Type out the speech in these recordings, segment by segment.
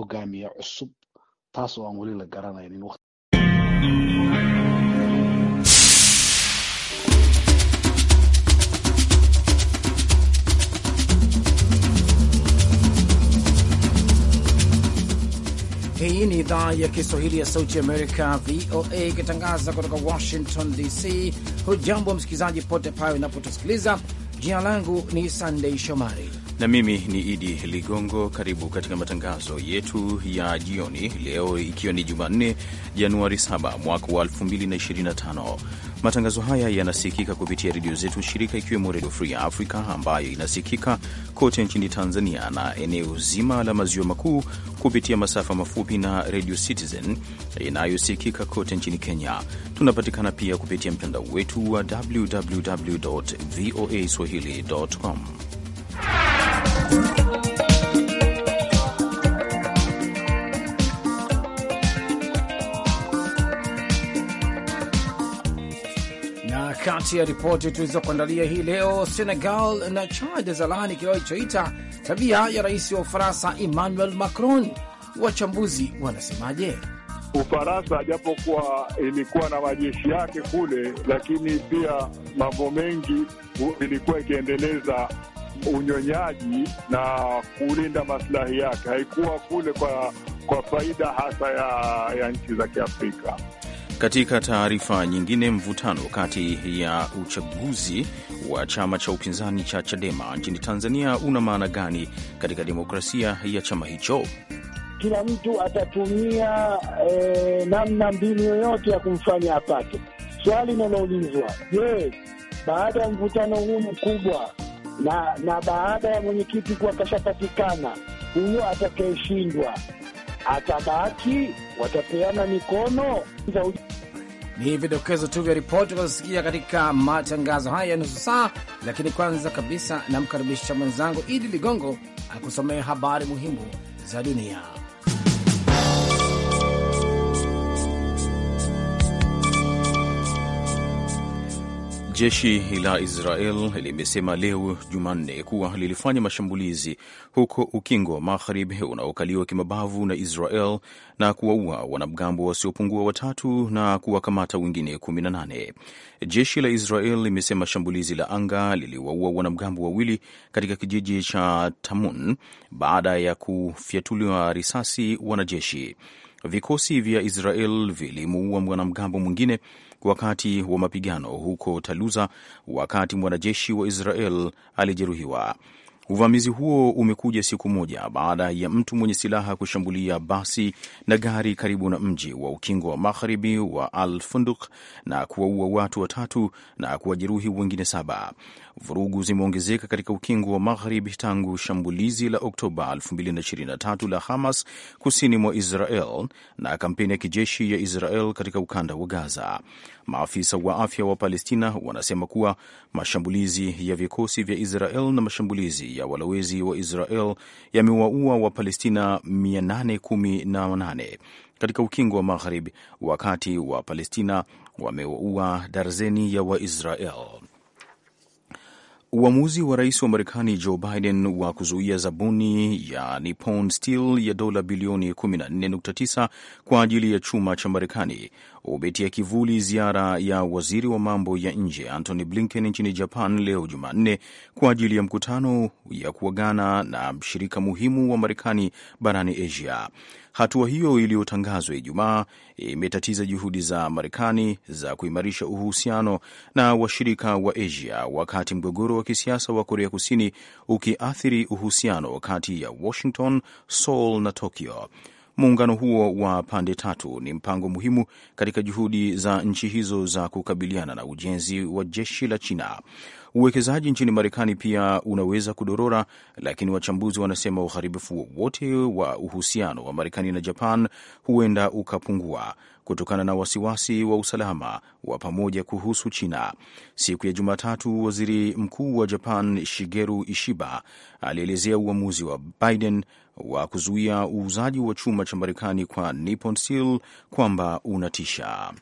hogaamiye cusub taas oo aan weli la garanaynin Hii ni idhaa ya Kiswahili ya Sauti Amerika, VOA, ikitangaza kutoka Washington DC. Hujambo msikilizaji pote pale unapotusikiliza. Jina langu ni Sandei Shomari na mimi ni Idi Ligongo. Karibu katika matangazo yetu ya jioni leo, ikiwa ni Jumanne Januari 7 mwaka wa 2025. Matangazo haya yanasikika kupitia redio zetu shirika, ikiwemo Redio Free Africa ambayo inasikika kote nchini Tanzania na eneo zima la maziwa makuu kupitia masafa mafupi na Redio Citizen inayosikika kote nchini Kenya. Tunapatikana pia kupitia mtandao wetu wa www voa swahili.com. kati ya ripoti tulizokuandalia hii leo, Senegal na Chad zalani kinachoita tabia ya rais wa Ufaransa Emmanuel Macron. Wachambuzi wanasemaje? Ufaransa japokuwa ilikuwa na majeshi yake kule, lakini pia mambo mengi ilikuwa ikiendeleza unyonyaji na kulinda maslahi yake, haikuwa kule kwa, kwa faida hasa ya, ya nchi za Kiafrika. Katika taarifa nyingine, mvutano kati ya uchaguzi wa chama cha upinzani cha Chadema nchini Tanzania una maana gani katika demokrasia ya chama hicho? Kila mtu atatumia e, namna mbinu yoyote ya kumfanya apate. Swali linaloulizwa je, baada ya mvutano huu mkubwa na, na baada ya mwenyekiti kuwa kashapatikana, huyo atakayeshindwa atabaki? Watapeana mikono za ni vidokezo tu vya ripoti ukazosikia katika matangazo haya ya nusu saa, lakini kwanza kabisa namkaribisha mwenzangu Idi Ligongo akusomea habari muhimu za dunia. Jeshi la Israel limesema leo Jumanne kuwa lilifanya mashambulizi huko Ukingo wa Magharibi unaokaliwa kimabavu na Israel na kuwaua wanamgambo wasiopungua watatu na kuwakamata wengine 18. Jeshi la Israel limesema shambulizi la anga liliwaua wanamgambo wawili katika kijiji cha Tamun baada ya kufyatuliwa risasi wanajeshi. Vikosi vya Israel vilimuua mwanamgambo mwingine wakati wa mapigano huko Taluza, wakati mwanajeshi wa Israel alijeruhiwa. Uvamizi huo umekuja siku moja baada ya mtu mwenye silaha kushambulia basi na gari karibu na mji wa ukingo wa magharibi wa Al Funduk na kuwaua watu watatu na kuwajeruhi wengine saba. Vurugu zimeongezeka katika ukingo wa Magharibi tangu shambulizi la Oktoba 2023 la Hamas kusini mwa Israel na kampeni ya kijeshi ya Israel katika ukanda wa Gaza. Maafisa wa afya wa Palestina wanasema kuwa mashambulizi ya vikosi vya Israel na mashambulizi ya walowezi wa Israel yamewaua Wapalestina 818 katika ukingo wa Magharibi, wakati wa Palestina wamewaua darzeni ya Waisrael. Uamuzi wa rais wa Marekani Joe Biden wa kuzuia zabuni ya Nippon Steel ya dola bilioni 14.9 kwa ajili ya chuma cha Marekani umetia kivuli ziara ya waziri wa mambo ya nje Antony Blinken nchini Japan leo Jumanne kwa ajili ya mkutano ya kuagana na mshirika muhimu wa Marekani barani Asia. Hatua hiyo iliyotangazwa Ijumaa imetatiza juhudi za Marekani za kuimarisha uhusiano na washirika wa Asia, wakati mgogoro wa kisiasa wa Korea Kusini ukiathiri uhusiano kati ya Washington, Seoul na Tokyo. Muungano huo wa pande tatu ni mpango muhimu katika juhudi za nchi hizo za kukabiliana na ujenzi wa jeshi la China. Uwekezaji nchini Marekani pia unaweza kudorora, lakini wachambuzi wanasema uharibifu wowote wa uhusiano wa Marekani na Japan huenda ukapungua kutokana na wasiwasi wa usalama wa pamoja kuhusu China. Siku ya Jumatatu, waziri mkuu wa Japan Shigeru Ishiba alielezea uamuzi wa Biden wa kuzuia uuzaji wa chuma cha Marekani kwa Nippon Steel kwamba unatisha.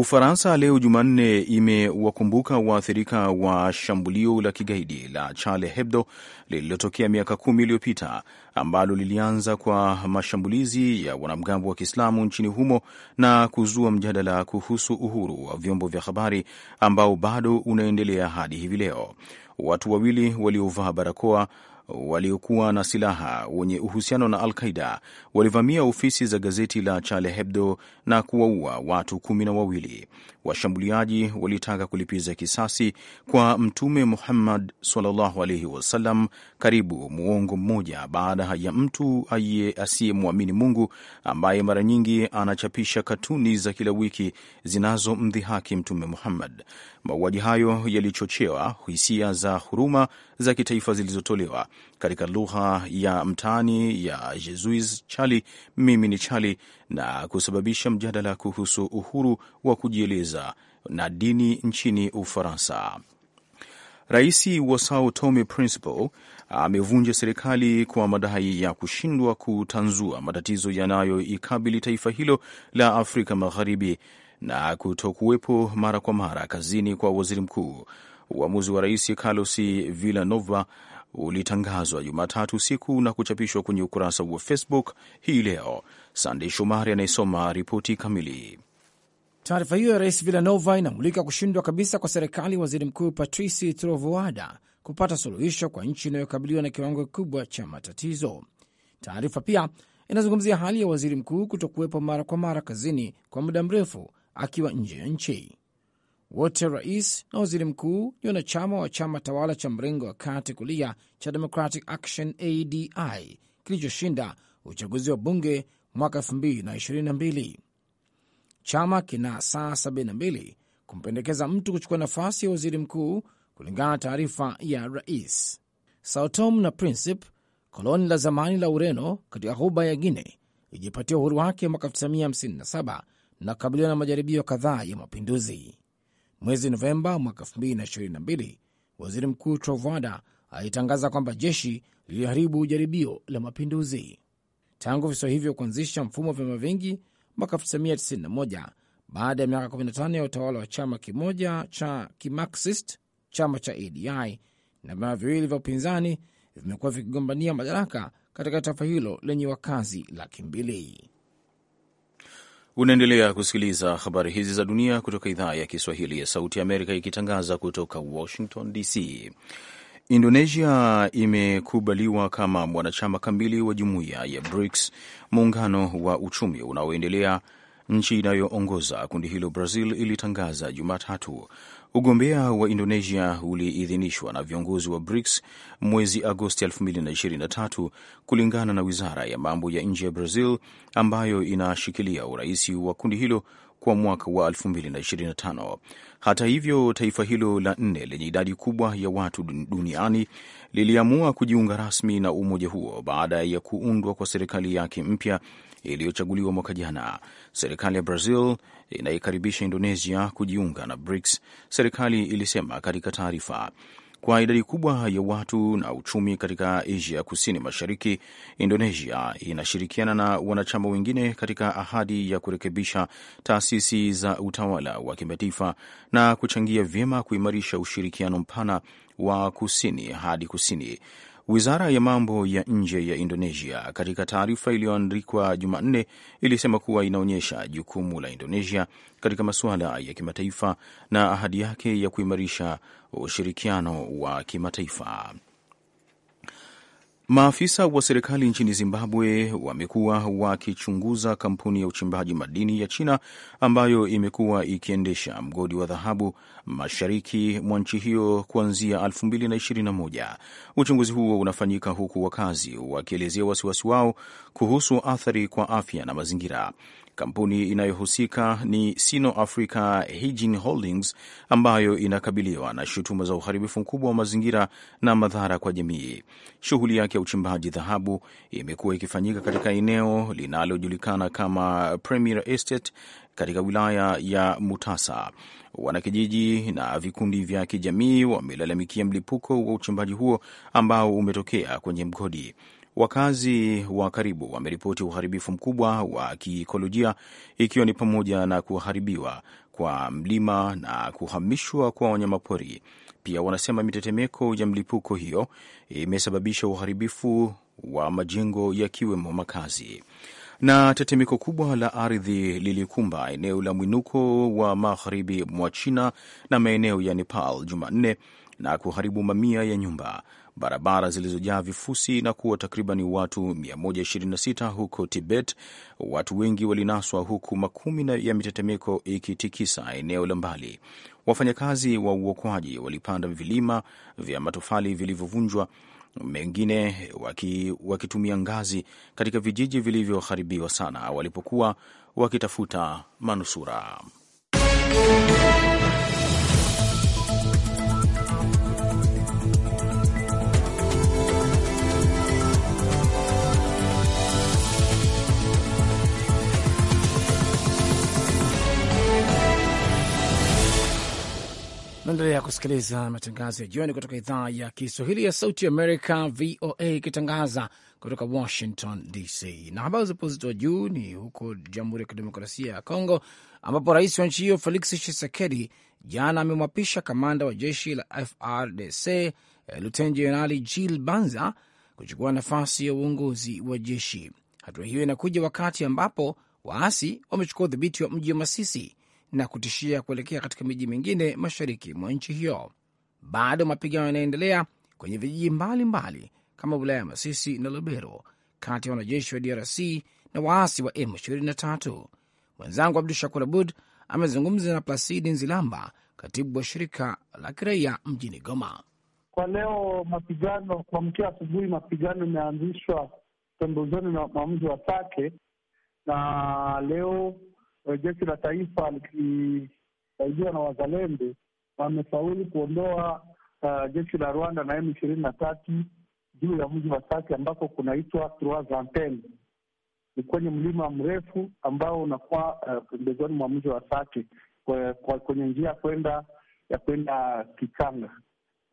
Ufaransa leo Jumanne imewakumbuka waathirika wa shambulio la kigaidi la Charlie Hebdo lililotokea miaka kumi iliyopita ambalo lilianza kwa mashambulizi ya wanamgambo wa Kiislamu nchini humo na kuzua mjadala kuhusu uhuru wa vyombo vya habari ambao bado unaendelea hadi hivi leo. Watu wawili waliovaa barakoa waliokuwa na silaha wenye uhusiano na Al-Qaida walivamia ofisi za gazeti la Charlie Hebdo na kuwaua watu kumi na wawili. Washambuliaji walitaka kulipiza kisasi kwa Mtume Muhammad sallallahu alaihi wasallam karibu muongo mmoja baada ya mtu asiyemwamini Mungu ambaye mara nyingi anachapisha katuni za kila wiki zinazomdhihaki Mtume Muhammad. Mauaji hayo yalichochewa hisia za huruma za kitaifa zilizotolewa katika lugha ya mtaani ya Jesuis Chali, mimi ni Chali, na kusababisha mjadala kuhusu uhuru wa kujieleza na dini nchini Ufaransa. Rais wa Sao Tome Principe amevunja serikali kwa madai ya kushindwa kutanzua matatizo yanayoikabili taifa hilo la Afrika Magharibi na kutokuwepo mara kwa mara kazini kwa waziri mkuu. Uamuzi wa Rais Carlos Villanova ulitangazwa Jumatatu usiku na kuchapishwa kwenye ukurasa wa Facebook hii leo. Sandey Shomari anayesoma ripoti kamili. Taarifa hiyo ya Rais Villanova inamulika kushindwa kabisa kwa serikali waziri mkuu Patrice Trovoada kupata suluhisho kwa nchi inayokabiliwa na kiwango kikubwa cha matatizo. Taarifa pia inazungumzia hali ya waziri mkuu kutokuwepo mara kwa mara kazini kwa muda mrefu akiwa nje ya nchi. Wote rais na waziri mkuu ni wanachama wa chama tawala cha mrengo wa kati kulia cha Democratic Action ADI kilichoshinda uchaguzi wa bunge mwaka 2022. Chama kina saa 72 kumpendekeza mtu kuchukua nafasi ya waziri mkuu kulingana na taarifa ya rais. Sao Tome na Principe, koloni la zamani la Ureno katika ghuba ya Guine, ilijipatia uhuru wake mwaka 1957 na kukabiliwa na majaribio kadhaa ya mapinduzi. Mwezi Novemba mwaka 2022 waziri mkuu Trovoada alitangaza kwamba jeshi liliharibu jaribio la mapinduzi. Tangu visiwa hivyo kuanzisha mfumo wa vyama vingi mwaka 1991 baada ya miaka 15 ya utawala wa chama kimoja cha kimaxist chama cha ADI na vyama viwili vya upinzani vimekuwa vikigombania madaraka katika taifa hilo lenye wakazi laki mbili. Unaendelea kusikiliza habari hizi za dunia kutoka idhaa ya Kiswahili ya Sauti ya Amerika ikitangaza kutoka Washington DC. Indonesia imekubaliwa kama mwanachama kamili wa jumuiya ya BRICS, muungano wa uchumi unaoendelea nchi inayoongoza kundi hilo Brazil ilitangaza Jumatatu. Ugombea wa Indonesia uliidhinishwa na viongozi wa BRICS mwezi Agosti 2023 kulingana na wizara ya mambo ya nje ya Brazil ambayo inashikilia urais wa kundi hilo kwa mwaka wa 2025. Hata hivyo, taifa hilo la nne lenye idadi kubwa ya watu duniani liliamua kujiunga rasmi na umoja huo baada ya kuundwa kwa serikali yake mpya iliyochaguliwa mwaka jana. Serikali ya Brazil inaikaribisha Indonesia kujiunga na BRICS, serikali ilisema katika taarifa. Kwa idadi kubwa ya watu na uchumi katika Asia kusini mashariki, Indonesia inashirikiana na wanachama wengine katika ahadi ya kurekebisha taasisi za utawala wa kimataifa na kuchangia vyema kuimarisha ushirikiano mpana wa kusini hadi kusini. Wizara ya mambo ya nje ya Indonesia katika taarifa iliyoandikwa Jumanne ilisema kuwa inaonyesha jukumu la Indonesia katika masuala ya kimataifa na ahadi yake ya kuimarisha ushirikiano wa kimataifa. Maafisa wa serikali nchini Zimbabwe wamekuwa wakichunguza kampuni ya uchimbaji madini ya China ambayo imekuwa ikiendesha mgodi wa dhahabu mashariki mwa nchi hiyo kuanzia 2021. Uchunguzi huo unafanyika huku wakazi wakielezea wasiwasi wao kuhusu athari kwa afya na mazingira. Kampuni inayohusika ni Sino Africa Hygiene Holdings ambayo inakabiliwa na shutuma za uharibifu mkubwa wa mazingira na madhara kwa jamii. Shughuli yake ya uchimbaji dhahabu imekuwa ikifanyika katika eneo linalojulikana kama Premier Estate katika wilaya ya Mutasa. Wanakijiji na vikundi vya kijamii wamelalamikia mlipuko wa uchimbaji huo ambao umetokea kwenye mgodi. Wakazi wa karibu wameripoti uharibifu mkubwa wa kiikolojia ikiwa ni pamoja na kuharibiwa kwa mlima na kuhamishwa kwa wanyamapori. Pia wanasema mitetemeko ya mlipuko hiyo imesababisha uharibifu wa majengo yakiwemo makazi. Na tetemeko kubwa la ardhi lilikumba eneo la mwinuko wa magharibi mwa China na maeneo ya Nepal Jumanne na kuharibu mamia ya nyumba barabara zilizojaa vifusi na kuwa takriban watu 126 huko Tibet. Watu wengi walinaswa huku makumi ya mitetemeko ikitikisa eneo la mbali. Wafanyakazi wa uokoaji walipanda vilima vya matofali vilivyovunjwa mengine waki, wakitumia ngazi katika vijiji vilivyoharibiwa sana walipokuwa wakitafuta manusura. Naendelea kusikiliza matangazo ya jioni kutoka idhaa ya Kiswahili ya Sauti Amerika, VOA, ikitangaza kutoka Washington DC. Na habari zipo zito juu ni huko Jamhuri ya Kidemokrasia ya Kongo, ambapo rais wa nchi hiyo Felix Tshisekedi jana amemwapisha kamanda wa jeshi la FRDC eh, Luteni Jenerali Jil Banza kuchukua nafasi ya uongozi wa jeshi. Hatua hiyo inakuja wakati ambapo waasi wamechukua udhibiti wa mji wa Masisi na kutishia kuelekea katika miji mingine mashariki mwa nchi hiyo. Bado mapigano yanaendelea kwenye vijiji mbalimbali kama wilaya ya Masisi na Lubero kati ya wanajeshi wa DRC na waasi wa M23. Mwenzangu Abdu Shakur Abud amezungumza na Plasidi Nzilamba, katibu wa shirika la kiraia mjini Goma. Kwa leo mapigano kuamkia asubuhi, mapigano imeanzishwa pembezoni mwa mji wa Sake na leo Eh, jeshi la taifa likisaidiwa na wazalendo wamefaulu kuondoa uh, jeshi la Rwanda na M ishirini na tatu juu ya mji wa Sake ambako kunaitwa Trois Antennes. Ni kwenye mlima mrefu ambao unakuwa eh, pembezoni uh, mwa mji wa Sake kwenye njia kwenda ya kwenda Kikanga,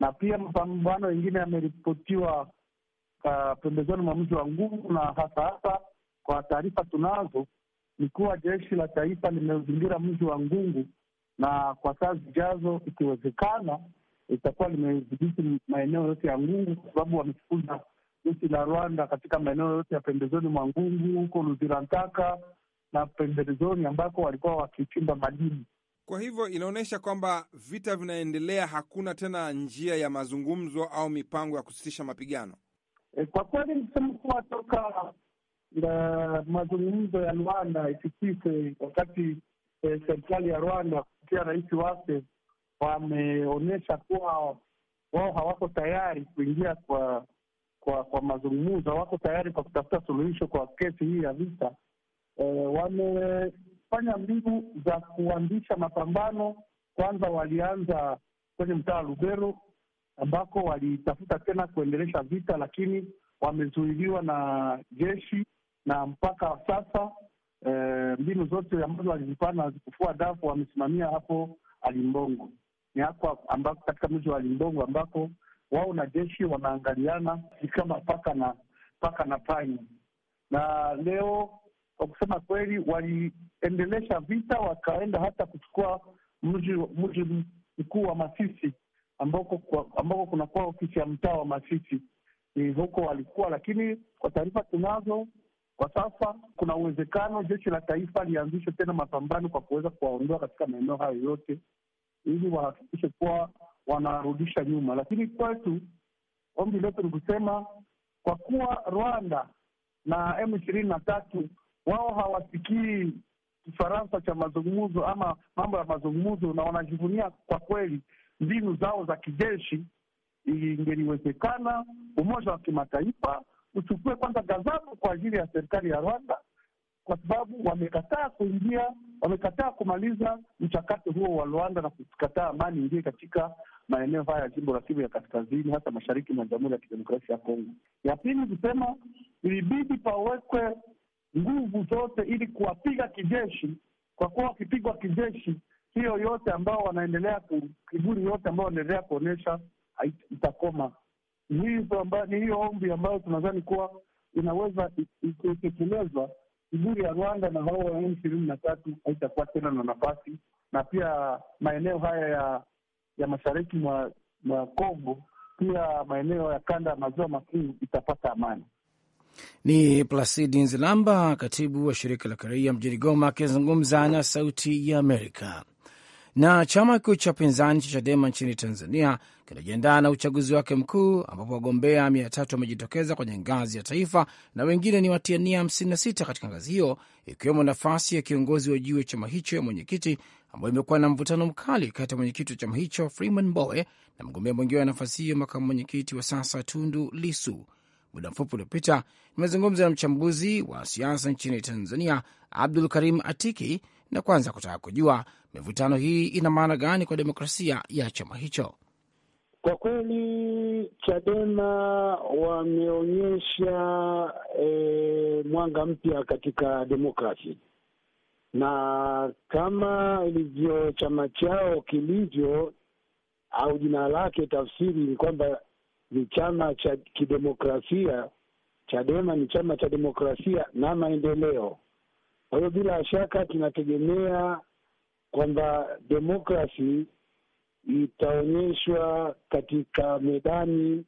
na pia mapambano mengine yameripotiwa uh, pembezoni mwa mji wa Nguvu, na hasa hasa kwa taarifa tunazo ni kuwa jeshi la taifa limezingira mji wa Ngungu, na kwa saa zijazo, ikiwezekana, itakuwa limedhibiti maeneo yote ya Ngungu, kwa sababu wamefukuza jeshi la Rwanda katika maeneo yote ya pembezoni mwa Ngungu, huko Luzirantaka na pembezoni ambako walikuwa wakichimba madini. Kwa hivyo inaonyesha kwamba vita vinaendelea, hakuna tena njia ya mazungumzo au mipango ya kusitisha mapigano. E, kwa kweli nisema kuwa toka na mazungumzo ya Luanda isikike wakati eh, serikali ya Rwanda kupitia rais wake wameonyesha kuwa wao hawako tayari kuingia kwa kwa kwa mazungumzo, hawako tayari kwa kutafuta suluhisho kwa kesi hii ya vita. Eh, wamefanya mbinu za kuanzisha mapambano. Kwanza walianza kwenye mtaa wa Lubero ambako walitafuta tena kuendelesha vita, lakini wamezuiliwa na jeshi na mpaka sasa eh, mbinu zote ambazo alizipana hazikufua dafu. Wamesimamia hapo Alimbongo, ni hapo ambako katika mji wa Alimbongo ambako wao na jeshi wanaangaliana kama paka na paka na panya, na leo kwa kusema kweli, waliendelesha vita, wakaenda hata kuchukua mji mkuu wa Masisi ambako, ambako kunakuwa ofisi ya mtaa wa Masisi ni huko walikuwa, lakini kwa taarifa tunazo kwa sasa kuna uwezekano jeshi la taifa lianzishe tena mapambano kwa kuweza kuwaondoa katika maeneo hayo yote, ili wahakikishe kuwa wanarudisha nyuma. Lakini kwetu ombi letu ni kusema kwa kuwa Rwanda na M ishirini na tatu wao hawasikii Kifaransa cha mazungumzo ama mambo ya mazungumzo, na wanajivunia kwa kweli mbinu zao za kijeshi. Ingeliwezekana umoja wa kimataifa uchukue kwanza ghadhabu kwa ajili ya serikali ya Rwanda kwa sababu wamekataa kuingia, wamekataa kumaliza mchakato huo wa Rwanda na kukataa amani ingie katika maeneo haya ya jimbo la Kivu ya Kaskazini, hasa mashariki mwa Jamhuri ya Kidemokrasia ya Kongo. Ya pili kusema ilibidi pawekwe nguvu zote ili kuwapiga kijeshi, kwa kuwa wakipigwa kijeshi, hiyo yote ambao wanaendelea kiburi yote ambao wanaendelea kuonyesha itakoma ni hiyo ombi ambayo tunadhani kuwa inaweza kutekelezwa vizuri ya Rwanda na hao wa M ishirini na tatu haitakuwa tena na nafasi, na pia maeneo haya ya ya mashariki mwa mwa Kongo pia maeneo ya kanda ya maziwa makuu itapata amani. Ni Plasidi Nzilamba, katibu wa shirika la kiraia mjini Goma, akizungumza na Sauti ya Amerika. Na chama kikuu cha pinzani cha Chadema nchini Tanzania kinajiandaa na uchaguzi wake mkuu ambapo wagombea mia tatu wamejitokeza kwenye ngazi ya taifa na wengine ni watiania 56 katika ngazi hiyo, ikiwemo nafasi ya kiongozi wa juu ya chama hicho ya mwenyekiti, ambayo imekuwa na mvutano mkali kati ya mwenyekiti wa chama hicho Freeman Mbowe na mgombea mwingine wa nafasi hiyo, makamu mwenyekiti wa sasa Tundu Lisu. Muda mfupi uliopita nimezungumza na mchambuzi wa siasa nchini Tanzania, Abdul Karim Atiki na kwanza kutaka kujua mivutano hii ina maana gani kwa demokrasia ya chama hicho. Kwa kweli Chadema wameonyesha e, mwanga mpya katika demokrasi, na kama ilivyo chama chao kilivyo au jina lake, tafsiri ni kwamba ni chama cha kidemokrasia. Chadema ni chama cha demokrasia na maendeleo. Kwa hiyo bila shaka tunategemea kwamba demokrasi itaonyeshwa katika medani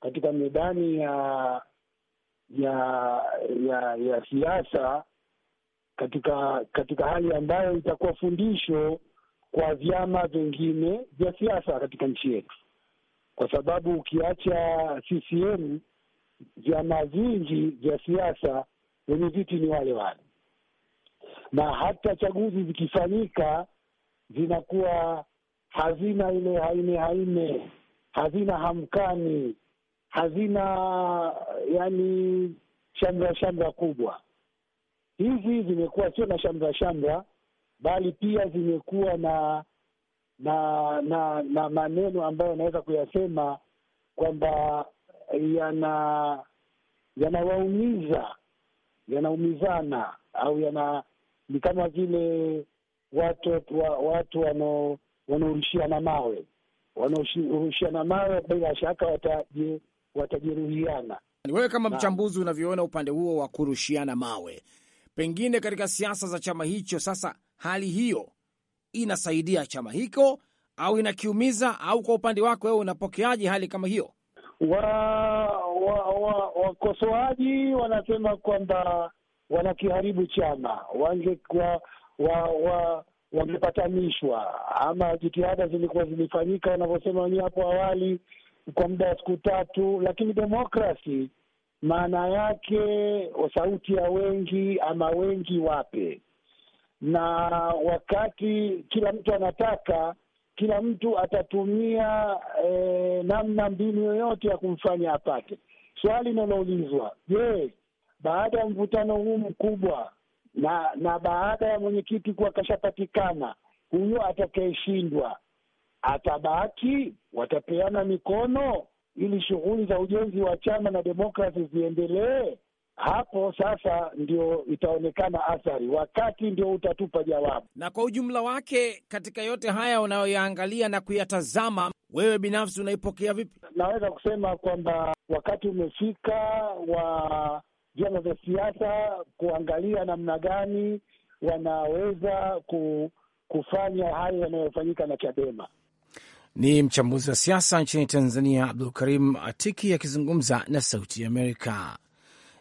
katika medani ya ya ya ya siasa katika katika hali ambayo itakuwa fundisho kwa vyama vingine vya siasa katika nchi yetu, kwa sababu ukiacha CCM vyama vingi vya siasa wenye viti ni wale wale, na hata chaguzi zikifanyika zinakuwa hazina ile haine haine, hazina hamkani, hazina yani shamra shamra kubwa. Hizi zimekuwa sio na shamra shamra, bali pia zimekuwa na na na na maneno ambayo anaweza kuyasema kwamba yana yanawaumiza yanaumizana au yana ni kama vile watu wa, watu wanaorushiana mawe wanaorushiana mawe, bila shaka wataje watajeruhiana. Wewe kama mchambuzi unavyoona upande huo wa kurushiana mawe, pengine katika siasa za chama hicho, sasa hali hiyo inasaidia chama hicho au inakiumiza, au kwa upande wako wewe unapokeaje hali kama hiyo? wakosoaji wa, wa, wa wanasema kwamba wanakiharibu chama, wangekuwa wa, wa, wangepatanishwa ama jitihada zilikuwa zilifanyika wanavyosema wenyewe hapo awali kwa muda wa siku tatu, lakini demokrasi maana yake sauti ya wengi ama wengi wape, na wakati kila mtu anataka kila mtu atatumia e, namna mbinu yoyote ya kumfanya apate. Swali linaloulizwa je, baada ya mvutano huu mkubwa na na baada ya mwenyekiti kuwa kashapatikana, huyo atakayeshindwa atabaki? Watapeana mikono ili shughuli za ujenzi wa chama na demokrasi ziendelee? hapo sasa ndio itaonekana athari, wakati ndio utatupa jawabu. Na kwa ujumla wake, katika yote haya unayoyaangalia na kuyatazama, wewe binafsi unaipokea vipi? Naweza kusema kwamba wakati umefika wa vyama vya siasa kuangalia namna gani wanaweza ku, kufanya hayo yanayofanyika na Chadema. Ni mchambuzi wa siasa nchini Tanzania Abdul Karim Atiki akizungumza na Sauti ya Amerika.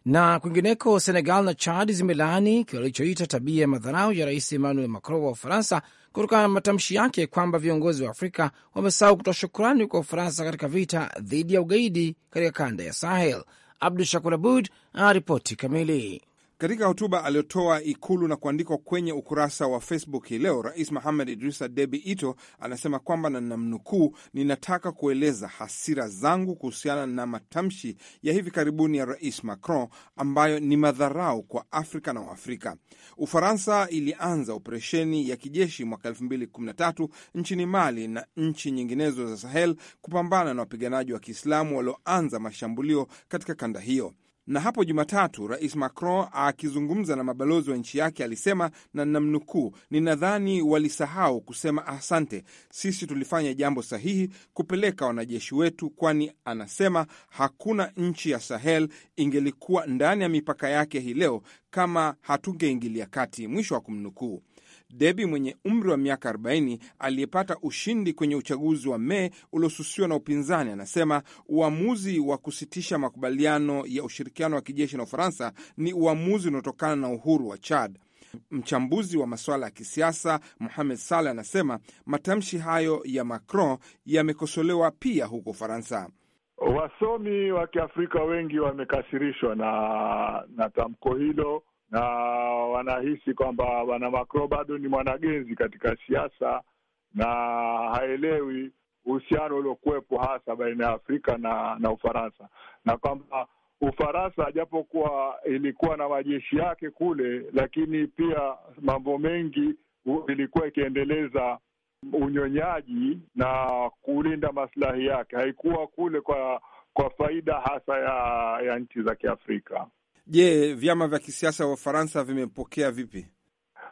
Na kwingineko, Senegal na Chad zimelaani kile tabia ya madharau ya Rais Emmanuel Macron wa Ufaransa kutokana na matamshi yake kwamba viongozi wa Afrika wamesahau kutoa shukrani kwa Ufaransa katika vita dhidi ya ugaidi katika kanda ya Sahel. Abdu Shakur Abud aripoti kamili. Katika hotuba aliyotoa Ikulu na kuandikwa kwenye ukurasa wa Facebook hii leo, Rais Mohamed Idrisa Debi Ito anasema kwamba, na namnukuu, ninataka kueleza hasira zangu kuhusiana na matamshi ya hivi karibuni ya Rais Macron ambayo ni madharau kwa Afrika na Waafrika. Ufaransa ilianza operesheni ya kijeshi mwaka 2013 nchini Mali na nchi nyinginezo za Sahel kupambana na wapiganaji wa Kiislamu walioanza mashambulio katika kanda hiyo. Na hapo Jumatatu, Rais Macron akizungumza na mabalozi wa nchi yake alisema, na namnukuu, ninadhani walisahau kusema asante. Sisi tulifanya jambo sahihi kupeleka wanajeshi wetu, kwani anasema hakuna nchi ya Sahel ingelikuwa ndani ya mipaka yake hii leo kama hatungeingilia kati. Mwisho wa kumnukuu. Debi mwenye umri wa miaka 40 aliyepata ushindi kwenye uchaguzi wa Mei uliosusiwa na upinzani, anasema uamuzi wa kusitisha makubaliano ya ushirikiano wa kijeshi na Ufaransa ni uamuzi unaotokana na uhuru wa Chad. Mchambuzi wa masuala ya kisiasa Mohamed Saleh anasema matamshi hayo ya Macron yamekosolewa pia huko Ufaransa. Wasomi wa Kiafrika wengi wamekasirishwa na, na tamko hilo na wanahisi kwamba bwana Macron bado ni mwanagenzi katika siasa na haelewi uhusiano uliokuwepo hasa baina ya Afrika na na Ufaransa na kwamba Ufaransa japokuwa ilikuwa na majeshi yake kule, lakini pia mambo mengi ilikuwa ikiendeleza unyonyaji na kulinda maslahi yake, haikuwa kule kwa kwa faida hasa ya ya nchi za Kiafrika. Je, vyama vya kisiasa wa Ufaransa vimepokea vipi?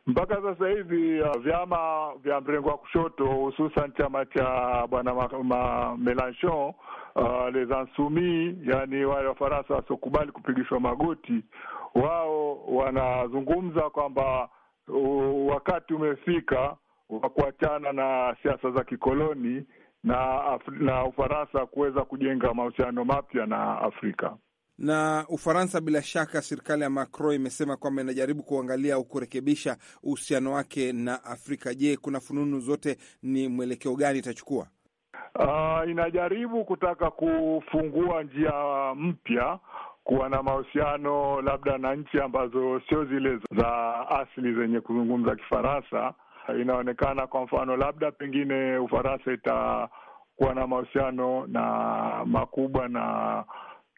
Mpaka sasa hivi uh, vyama vya mrengo wa kushoto hususan chama cha bwana Melanchon, uh, les Insoumis, yani wale Wafaransa wasiokubali kupigishwa magoti, wao wanazungumza kwamba uh, wakati umefika wa kuachana na siasa za kikoloni na, na Ufaransa kuweza kujenga mahusiano mapya na Afrika. Na Ufaransa, bila shaka, serikali ya Macron imesema kwamba inajaribu kuangalia au kurekebisha uhusiano wake na Afrika. Je, kuna fununu zote, ni mwelekeo gani itachukua? Uh, inajaribu kutaka kufungua njia mpya kuwa na mahusiano labda na nchi ambazo sio zile za asili zenye kuzungumza Kifaransa. Inaonekana kwa mfano, labda pengine Ufaransa itakuwa na mahusiano na makubwa na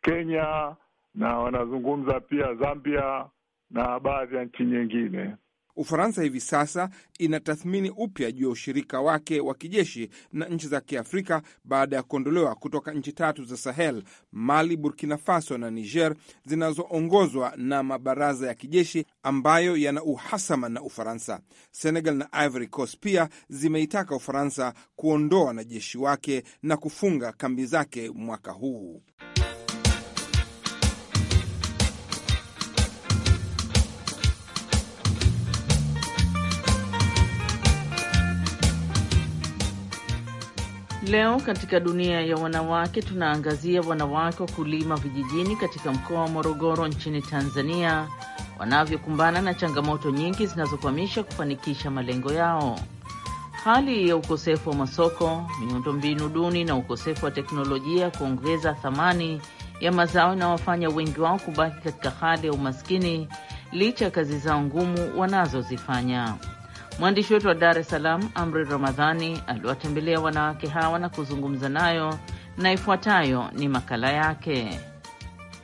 Kenya na wanazungumza pia Zambia na baadhi ya nchi nyingine. Ufaransa hivi sasa inatathmini upya juu ya ushirika wake wa kijeshi na nchi za Kiafrika baada ya kuondolewa kutoka nchi tatu za Sahel, Mali, Burkina Faso na Niger, zinazoongozwa na mabaraza ya kijeshi ambayo yana uhasama na Ufaransa. Senegal na Ivory Coast pia zimeitaka Ufaransa kuondoa wanajeshi wake na kufunga kambi zake mwaka huu. Leo katika dunia ya wanawake tunaangazia wanawake wakulima vijijini katika mkoa wa Morogoro nchini Tanzania wanavyokumbana na changamoto nyingi zinazokwamisha kufanikisha malengo yao. Hali ya ukosefu wa masoko, miundombinu duni na ukosefu wa teknolojia ya kuongeza thamani ya mazao inawafanya wengi wao kubaki katika hali ya umaskini licha ya kazi zao ngumu wanazozifanya. Mwandishi wetu wa Dar es Salaam, Amri Ramadhani, aliwatembelea wanawake hawa na kuzungumza nayo, na ifuatayo ni makala yake.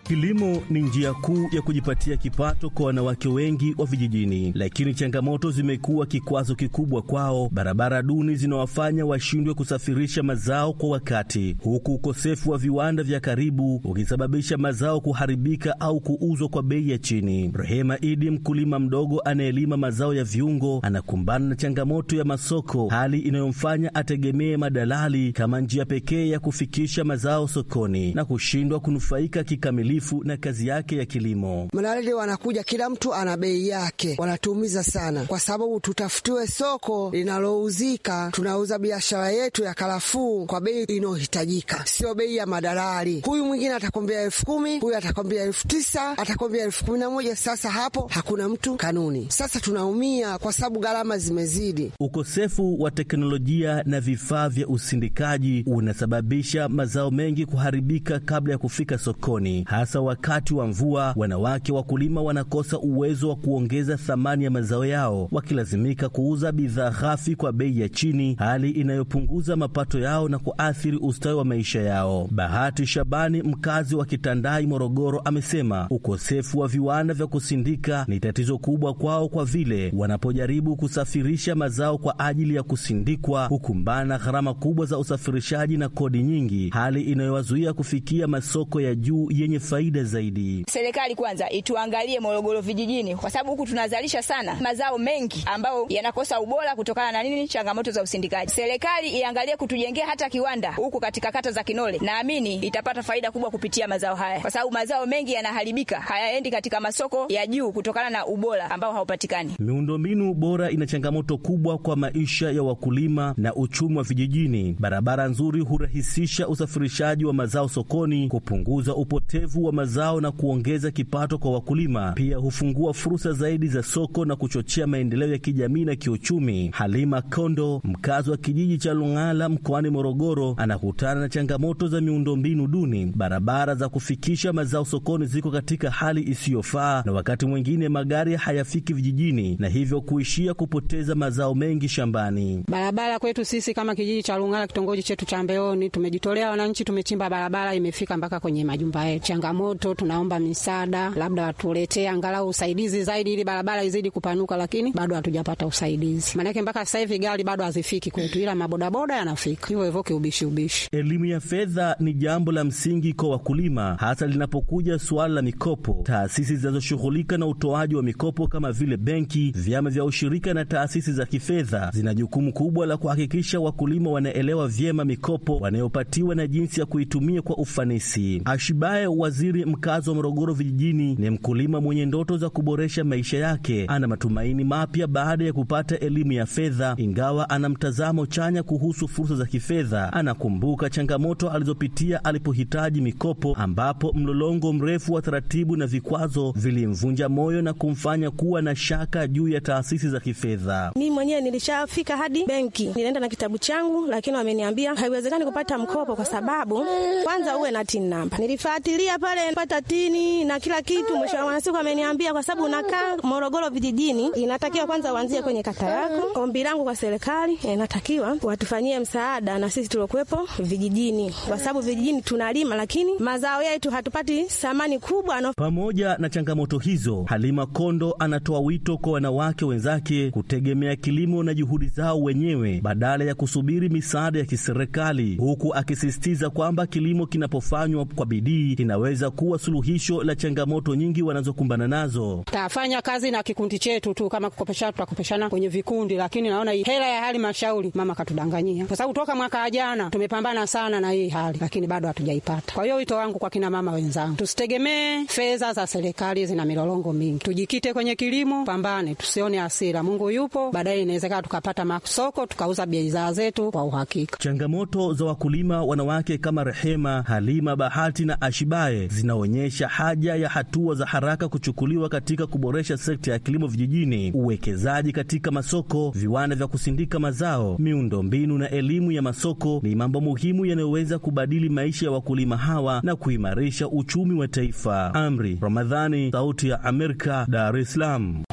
Kilimo ni njia kuu ya kujipatia kipato kwa wanawake wengi wa vijijini, lakini changamoto zimekuwa kikwazo kikubwa kwao. Barabara duni zinawafanya washindwe kusafirisha mazao kwa wakati, huku ukosefu wa viwanda vya karibu ukisababisha mazao kuharibika au kuuzwa kwa bei ya chini. Rehema Idi, mkulima mdogo anayelima mazao ya viungo, anakumbana na changamoto ya masoko, hali inayomfanya ategemee madalali kama njia pekee ya kufikisha mazao sokoni na kushindwa kunufaika kikamilifu uadilifu na kazi yake ya kilimo. Mnalele wanakuja, kila mtu ana bei yake, wanatuumiza sana, kwa sababu tutafutiwe soko linalouzika. Tunauza biashara yetu ya karafuu kwa bei inayohitajika, sio bei ya madalali. Huyu mwingine atakwambia elfu kumi, huyu atakwambia elfu tisa, atakwambia elfu kumi na moja. Sasa hapo hakuna mtu kanuni. Sasa tunaumia kwa sababu gharama zimezidi. Ukosefu wa teknolojia na vifaa vya usindikaji unasababisha mazao mengi kuharibika kabla ya kufika sokoni, Hasa wakati wa mvua, wanawake wakulima wanakosa uwezo wa kuongeza thamani ya mazao yao, wakilazimika kuuza bidhaa ghafi kwa bei ya chini, hali inayopunguza mapato yao na kuathiri ustawi wa maisha yao. Bahati Shabani, mkazi wa Kitandai, Morogoro, amesema ukosefu wa viwanda vya kusindika ni tatizo kubwa kwao, kwa vile wanapojaribu kusafirisha mazao kwa ajili ya kusindikwa hukumbana gharama kubwa za usafirishaji na kodi nyingi, hali inayowazuia kufikia masoko ya juu yenye faida zaidi. Serikali kwanza ituangalie Morogoro vijijini, kwa sababu huku tunazalisha sana mazao mengi ambayo yanakosa ubora kutokana na nini? Changamoto za usindikaji. Serikali iangalie kutujengea hata kiwanda huku katika kata za Kinole, naamini itapata faida kubwa kupitia mazao haya, kwa sababu mazao mengi yanaharibika, hayaendi katika masoko ya juu kutokana na ubora ambao haupatikani. Miundombinu bora ina changamoto kubwa kwa maisha ya wakulima na uchumi wa vijijini. Barabara nzuri hurahisisha usafirishaji wa mazao sokoni, kupunguza upotevu wa mazao na kuongeza kipato kwa wakulima, pia hufungua fursa zaidi za soko na kuchochea maendeleo ya kijamii na kiuchumi. Halima Kondo, mkazi wa kijiji cha Lung'ala mkoani Morogoro, anakutana na changamoto za miundombinu duni. Barabara za kufikisha mazao sokoni ziko katika hali isiyofaa, na wakati mwingine magari hayafiki vijijini na hivyo kuishia kupoteza mazao mengi shambani. Barabara kwetu sisi kama kijiji cha Lung'ala, kitongoji chetu cha Mbeoni, tumejitolea wananchi, tumechimba barabara imefika mpaka kwenye majumba yetu changamoto, tunaomba misaada, labda watuletee angalau usaidizi zaidi ili barabara izidi kupanuka, lakini bado hatujapata usaidizi. Maanake mpaka sasa hivi gari bado hazifiki kwetu, ila mabodaboda yanafika hivyo hivyo kiubishi ubishi. Elimu ya fedha ni jambo la msingi kwa wakulima, hasa linapokuja suala la mikopo. Taasisi zinazoshughulika na utoaji wa mikopo kama vile benki, vyama vya ushirika na taasisi za kifedha zina jukumu kubwa la kuhakikisha wakulima wanaelewa vyema mikopo wanayopatiwa na jinsi ya kuitumia kwa ufanisi. Ashibaye waziri Waziri mkazi wa Morogoro vijijini ni mkulima mwenye ndoto za kuboresha maisha yake. Ana matumaini mapya baada ya kupata elimu ya fedha, ingawa ana mtazamo chanya kuhusu fursa za kifedha. Anakumbuka changamoto alizopitia alipohitaji mikopo, ambapo mlolongo mrefu wa taratibu na vikwazo vilimvunja moyo na kumfanya kuwa na shaka juu ya taasisi za kifedha. Mimi mwenyewe nilishafika hadi benki, nilienda na kitabu changu, lakini wameniambia haiwezekani kupata mkopo kwa sababu kwanza uwe na TIN namba. Nilifuatilia pale pale pata tini na kila kitu. Ah. Mwisho wa siku ameniambia kwa sababu unakaa Morogoro vijijini, inatakiwa kwanza uanzie kwenye kata ah. yako. Ombi langu kwa serikali eh, inatakiwa watufanyie msaada na sisi tuliokuwepo vijijini, kwa sababu vijijini tunalima, lakini mazao yetu hatupati thamani kubwa no. Pamoja na changamoto hizo, Halima Kondo anatoa wito kwa wanawake wenzake kutegemea kilimo na juhudi zao wenyewe badala ya kusubiri misaada ya kiserikali, huku akisisitiza kwamba kilimo kinapofanywa kwa bidii kinaweza linaweza kuwa suluhisho la changamoto nyingi wanazokumbana nazo. Tafanya kazi na kikundi chetu tu, kama kukopeshana, tutakopeshana kwenye vikundi, lakini naona hela ya halmashauri mama katudanganyia, kwa sababu toka mwaka jana tumepambana sana na hii hali, lakini bado hatujaipata. Kwa hiyo wito wangu kwa kina mama wenzangu, tusitegemee fedha za serikali, zina milolongo mingi, tujikite kwenye kilimo, pambane, tusione hasira. Mungu yupo, baadaye inawezekana tukapata masoko tukauza bidhaa zetu kwa uhakika. Changamoto za wakulima wanawake kama Rehema, Halima, Bahati na Ashibaye zinaonyesha haja ya hatua za haraka kuchukuliwa katika kuboresha sekta ya kilimo vijijini, uwekezaji katika masoko, viwanda vya kusindika mazao, miundombinu na elimu ya masoko ni mambo muhimu yanayoweza kubadili maisha ya wakulima hawa na kuimarisha uchumi wa taifa. Amri Ramadhani, Sauti ya Amerika, Dar es Salaam.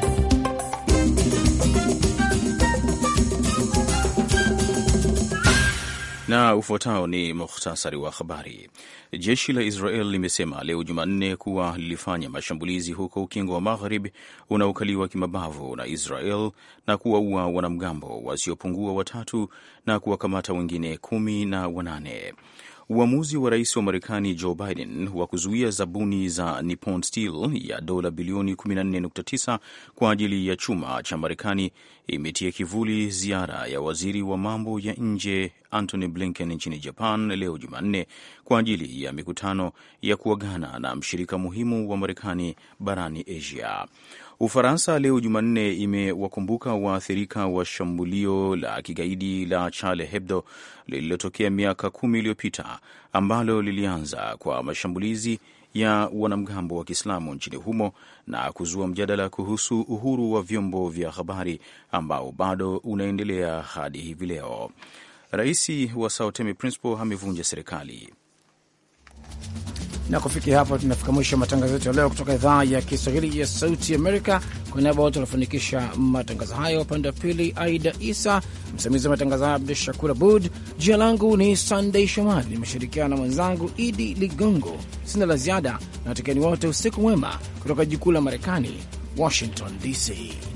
Na ufuatao ni mukhtasari wa habari. Jeshi la Israel limesema leo Jumanne kuwa lilifanya mashambulizi huko Ukingo wa Magharibi unaokaliwa kimabavu na Israel na kuwaua wanamgambo wasiopungua watatu na kuwakamata wengine kumi na wanane. Uamuzi wa rais wa Marekani Joe Biden wa kuzuia zabuni za Nippon Steel ya dola bilioni 14.9 kwa ajili ya chuma cha Marekani imetia kivuli ziara ya waziri wa mambo ya nje Antony Blinken nchini Japan leo Jumanne kwa ajili ya mikutano ya kuagana na mshirika muhimu wa Marekani barani Asia. Ufaransa leo Jumanne imewakumbuka waathirika wa shambulio la kigaidi la Charlie Hebdo lililotokea miaka kumi iliyopita ambalo lilianza kwa mashambulizi ya wanamgambo wa Kiislamu nchini humo na kuzua mjadala kuhusu uhuru wa vyombo vya habari ambao bado unaendelea hadi hivi leo. Rais wa Sao Tome Principe amevunja serikali. Na kufikia hapo, tunafika mwisho wa matangazo yetu ya leo kutoka idhaa ya Kiswahili ya Sauti Amerika. Kwa niaba wote wanafanikisha matangazo hayo, upande wa pili Aida Isa, msimamizi wa matangazo hayo Abdu Shakur Abud. Jina langu ni Sandei Shomari, nimeshirikiana na mwenzangu Idi Ligongo. Sina la ziada na wote usiku mwema kutoka jikuu la Marekani, Washington DC.